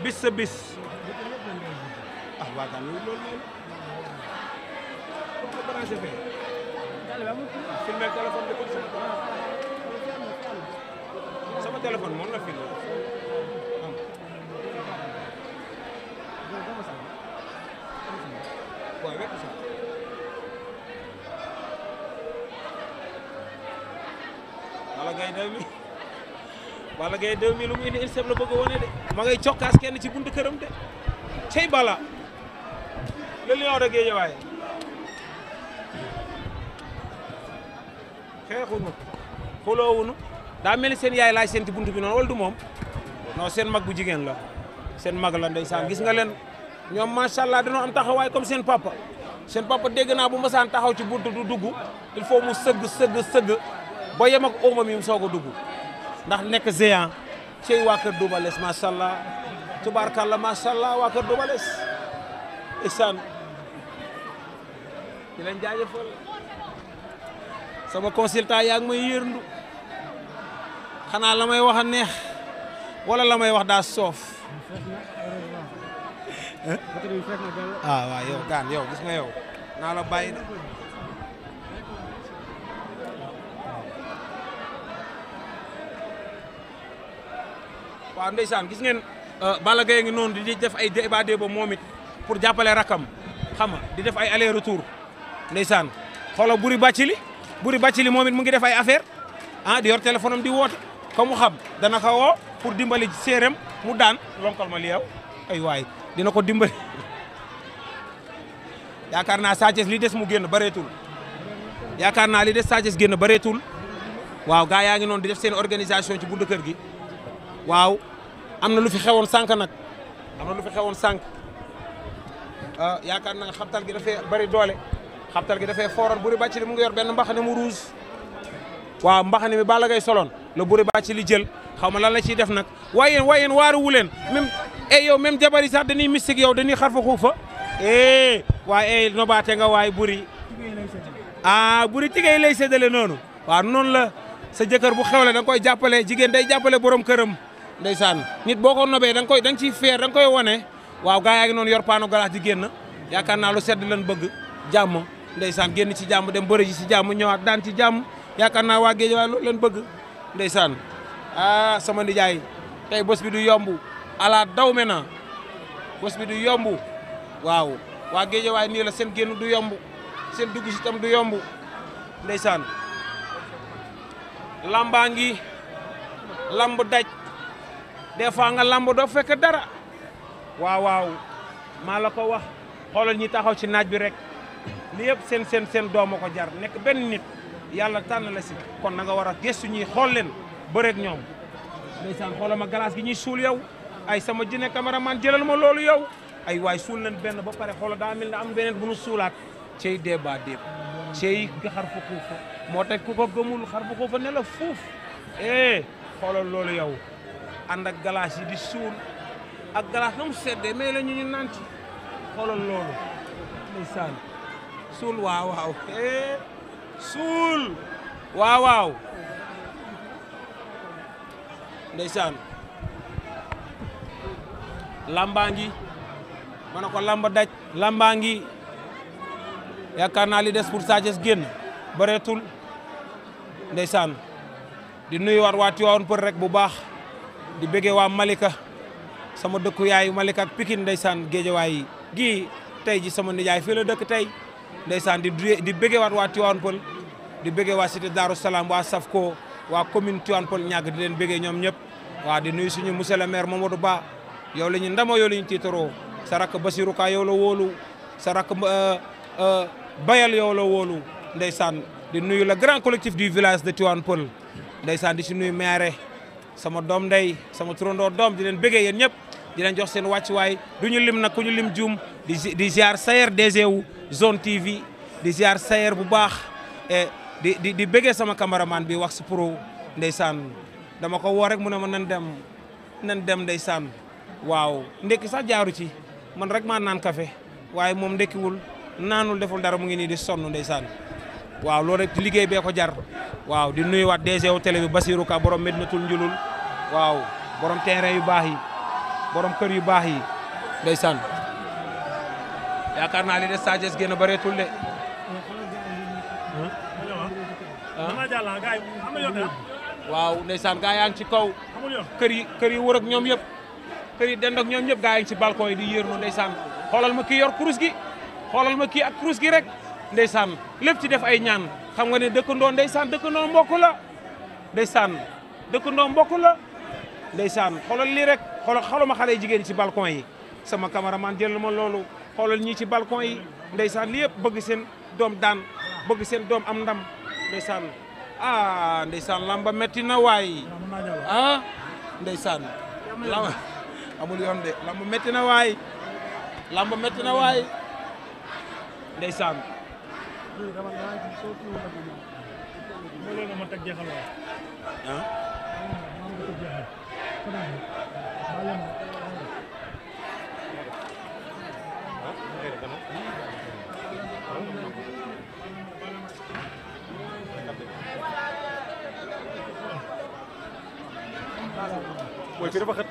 bis sa bis ah waa kan loolu loolu la branché fee filmé téléphone bi comme ça sama téléphone moom la filmé waaw wekk sax wala gay day wala ngay 2000 lumi mu indi INSEP la bëgg woné dé ma ngay ciokkas kenn ci buntu kërëm dé cey bala le lion de Guédiawaye xeexuñu xuloowuñu daa mel ni seen yaay laaj seen ci buntu bi non wala du mom non seen mag bu jigen la seen mag la gis nga ñom ma sha allah dañu am taxaway comme seen papa seen papa dégg na bu masaan taxaw ci buntu du duggu il faut mu seug seug seug ba yam ak oomam yi mu sogo duggu ndax nekk géant cey waa kër Double Less macha allah tubaarkàlla macha allah waa kër Double Less isaan di leen sama consultant yaa ngi may yërndu xanaa la may wax a neex wala la may wax daa soof ah yow gaan yow gis nga yow naa la bàyyi de waaw ndeysaan gis ngeen euh, bala Gaye ngi noonu di def ay débat débat moomit it pour jàppale rakam xam nga di def ay aller retour ndeysaan xoolal buri bàccili buri bàccili moom it mu ngi def ay affaire ah di yor téléphone di woot ka mu xam dana ko pour dimbali séeréem mu daan lonkal ma li ay waay dina ko dimbali yaakaar naa Sa Thiès li des mu génn bareetul yaakaar naa li des Sa génn bareetul waaw gaa yaa ngi noonu di def seen organisation ci buntu kër gi waaw am na lu fi xewoon sànq nag am na lu fi xewoon sànq ah, yaakaar naa xabtal gi dafay bari doole xabtal gi dafay fooroon buri bàcc li mu ngi yor benn mbaxane mu rouge waaw mbaxane mi Balla Gaye soloon la buri bàcc li jël xaw ma lan la ciy def nag waaye yéen waaye yéen waaru wu leen même eh yow même jabar yi sax dañuy mystique yow dañuy xarfa xuufa eh waaye eh nobaate nga waay buri ah buri tigéey lay séddale noonu waaw noonu la sa jëkër bu xewle da nga koy jàppale jigéen day jàppale borom këram. ndaysan nit boko nobe dang koy dang ci fer dang koy woné waw panu ak non yor panu galaas di genn yakarna lu sedd lan bëgg jamm ndaysan genn ci jamm dem bëre ji ci jamm ñëwaat daan ci jamm yakarna wa geej wa lu loolu bëgg ndaysan ah sama ndijay tay bés bi du yombu ala daw na bés bi du yombu waw wa geej wa ni la seen genn du yombu seen dugg ci tam du yombu ndaysan lambangi lamb daj des fois nga lamb do fekk dara waaw waaw malako wax xolal ñi taxaw ci naaj bi rek li yeb sen sen sen dooma ko jar nek ben nit yalla tan la ci kon na nga wara a ñi xol leen bëreeg ñoom ndeysaan glace gi ñi sul yow ay sama jine cameraman jëlal ma lolu yow ay way sul leen ben ba pare xol da mel am benen bu nu sulat cey débat cey xar fu ko ku ko gëmul xar fa ne la eh xolal lolu yow anda galas yi di sul, ak galaas na mu me nanti kolon lolo, ndeysaan sul wow wow, sul waaw wow eh, wow, lambangi lambangi, mana kau lamba daj lambangi ngi yaakaar naa li des pour Sa di di war waa Tivaouane Peulh rek bu baax di bëggee waa Malika sama dëkku yaayu Malika ak Pikine ndeysaan géejawaay gii tey ji sama nijaay fii la dëkk tey ndeysaan di di bëggeewaat waa Tivaouane Peulh di bëggee waa cité Darou Salaam waa ko waa commune Tivaouane Peulh ñàgg di leen bëggee ñoom ñëpp waa di nuyu suñu monsieur le maire Mamadou Ba yow la ñu ndamoo yow la ñu tiitaroo sa rakk Basirou Ka yow la wóolu sa rakk euh, euh, Bayal yow la wóolu saan di nuyu la grand di du village de Tivaouane Peulh ndeysaan di si nuyu maire sama doom ndey sama turandoo doom di leen bëggee yéen ñëpp di jox seen wàccuwaay du ñu lim nag ku ñu lim juum di di ziar sayer DG wu zone TV di ziar sayer bu baax e, di di di bëggee sama cameraman bi wax si pro ndeysaan dama ko woo rek mu ne ma nan dem nan dem ndeysaan waaw ndekki sax jaaru ci man rek maa naan kafe waaye moom ndekkiwul naanul deful dara mu ngi nii di sonn ndeysaan waaw loolu rek liggéey bee ko jar waaw di nuyuwaat DG wu télé bi Basirou Ka borom Medinatul Njulul Wow, borom terrain yu bax yi borom kër yu karena yi saja yaakaar naa li Wow, gene bare yang de. waaw kiri gaay yaa kiri ci kaw. kër yi kër yi wër ak ñom yëpp. kër yi dend ak ñom yëpp gaay ci balcon yi di yërnu ndeysaan xolal ma ki yor cruz gi xolal ma ki ak cruz gi rek ndeysaan Lift ci def ay ñaan xam nga ne dëkkandoo dekk dëkkandoo mbokk la dekk ndo mbokk la. ndeysaan xoolal lii rek xoolal xaluma xale jigéen ci balcon yi sama man jël ma loolu xoolal ñii ci balcon yi ndeysaan lii yëpp bëgg seen doom daan bëgg seen doom am ndam ndeysaan ah ndeysaan lamba metti na waay ah lamba metti na waay lamba metti na waay ndeysaan ah cái này bao nhiêu Mày phía đó bắt khách.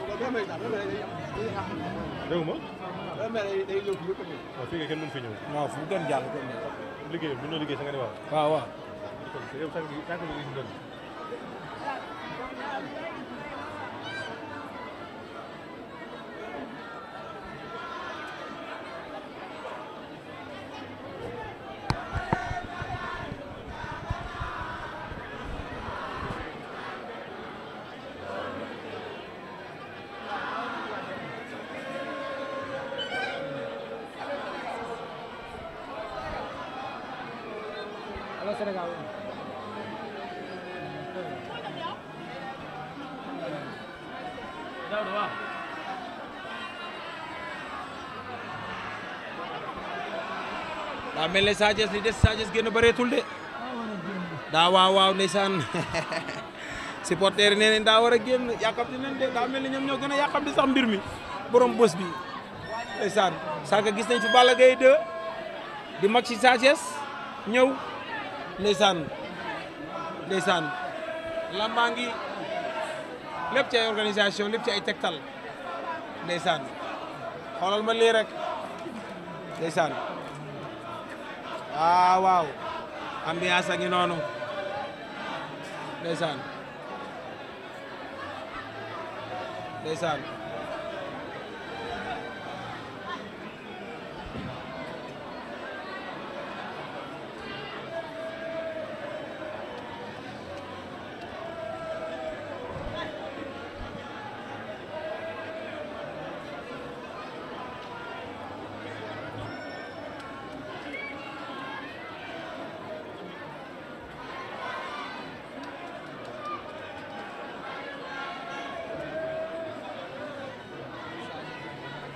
Đâu mà? Waaw fii nga kenn mënu fi ñëw. waaw fu mu doon jàll. liggéey bi mënoo liggéey sa nga ne waaw. waaw waaw. yow cái gì? sànq yi ñu gì दुसरं गाव आहे Amele Sanchez li des Sanchez génn bëreetul de daa waaw waaw ndeysaan supporter nee nañ daa war a génn yàkkamti nañ de daa mel ni sax mbir mi borom bi ndeysaan sànq gis nañ fi Balla Gaye 2 di ndeysaan ndeysaan lambaa ngi lépp ci ay organisation lépp ci ay tegtal ndeysaan xoolal ma lii rek ndeysaan waaw ah, waaw ambiance a ngi noonu ndeysaan ndeysaan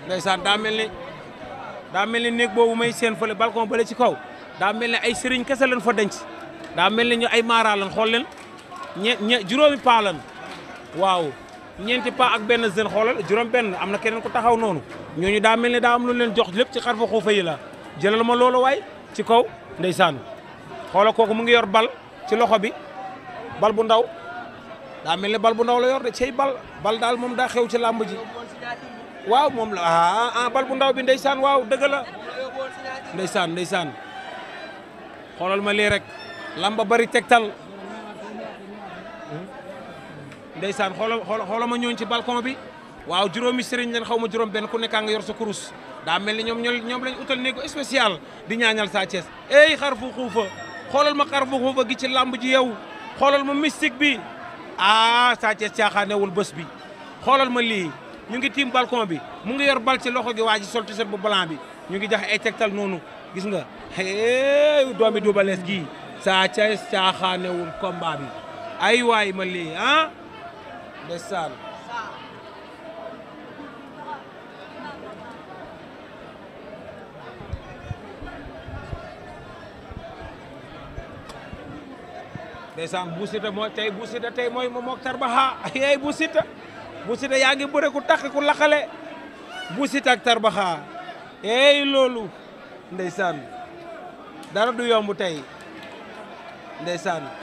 ndeysaan daa mel ni daa mel ni néeg boobu may seen fële balcon bale ci kaw daa mel ni ay sëriñ kese lañ fa denc daa mel ni ñu ay maara lañ xool leen ñe ñe juróomi paa lañ waaw ñeenti paa ak benn jeune xoolal juróom benn am na keneen ku taxaw noonu ñooñu daa mel ni daa am lu leen jox lépp ci xarfa xuufa yi la jëlal ma loolo waay ci kaw ndeysaan xoolal kooku mu ngi yor bal ci loxo bi bal bu ndaw daa mel ni bal bu ndaw la yor de cey bal bal daal moom daa xew ci làmb waaw mom la ah, ah bal bu ndaw bi ndeysan waaw deug la ndeysan ndeysan xolal ma lii rek lamba bari tegtal ndeysaan xoolal xoolal ma ñooñ ci balcon bi waaw juroomi sëriñ leen xawma juroom ben ku nekk nga yor sa kurus da melni ñom ñoom ñoom lañ utal neeku spécial di ñaanal Sa ties ey xarfu xufa xolal ma xarfu xufa gi ci lamb ji yow xolal ma mystique bi ah Sa Thiès caaxaanewul bëss bi xolal ma li ñu ngi tiim balcon bi mu ngi yor bal ci loxo gi waa ji sol t-shirt bu blanc bi ñu ngi jax ay tegtal noonu gis nga doomi doom bi Double Less gii saa ca caaxaanewul combat bi ay waay ma lii ah, bu sita moo tey bu mooy mo mook tarbaxa ay bu sita bu sita yaa ngi bëre ku takk ku laxale bu sita ak tarbaxaa eey loolu ndeysaan dara du yomb tey ndeysaan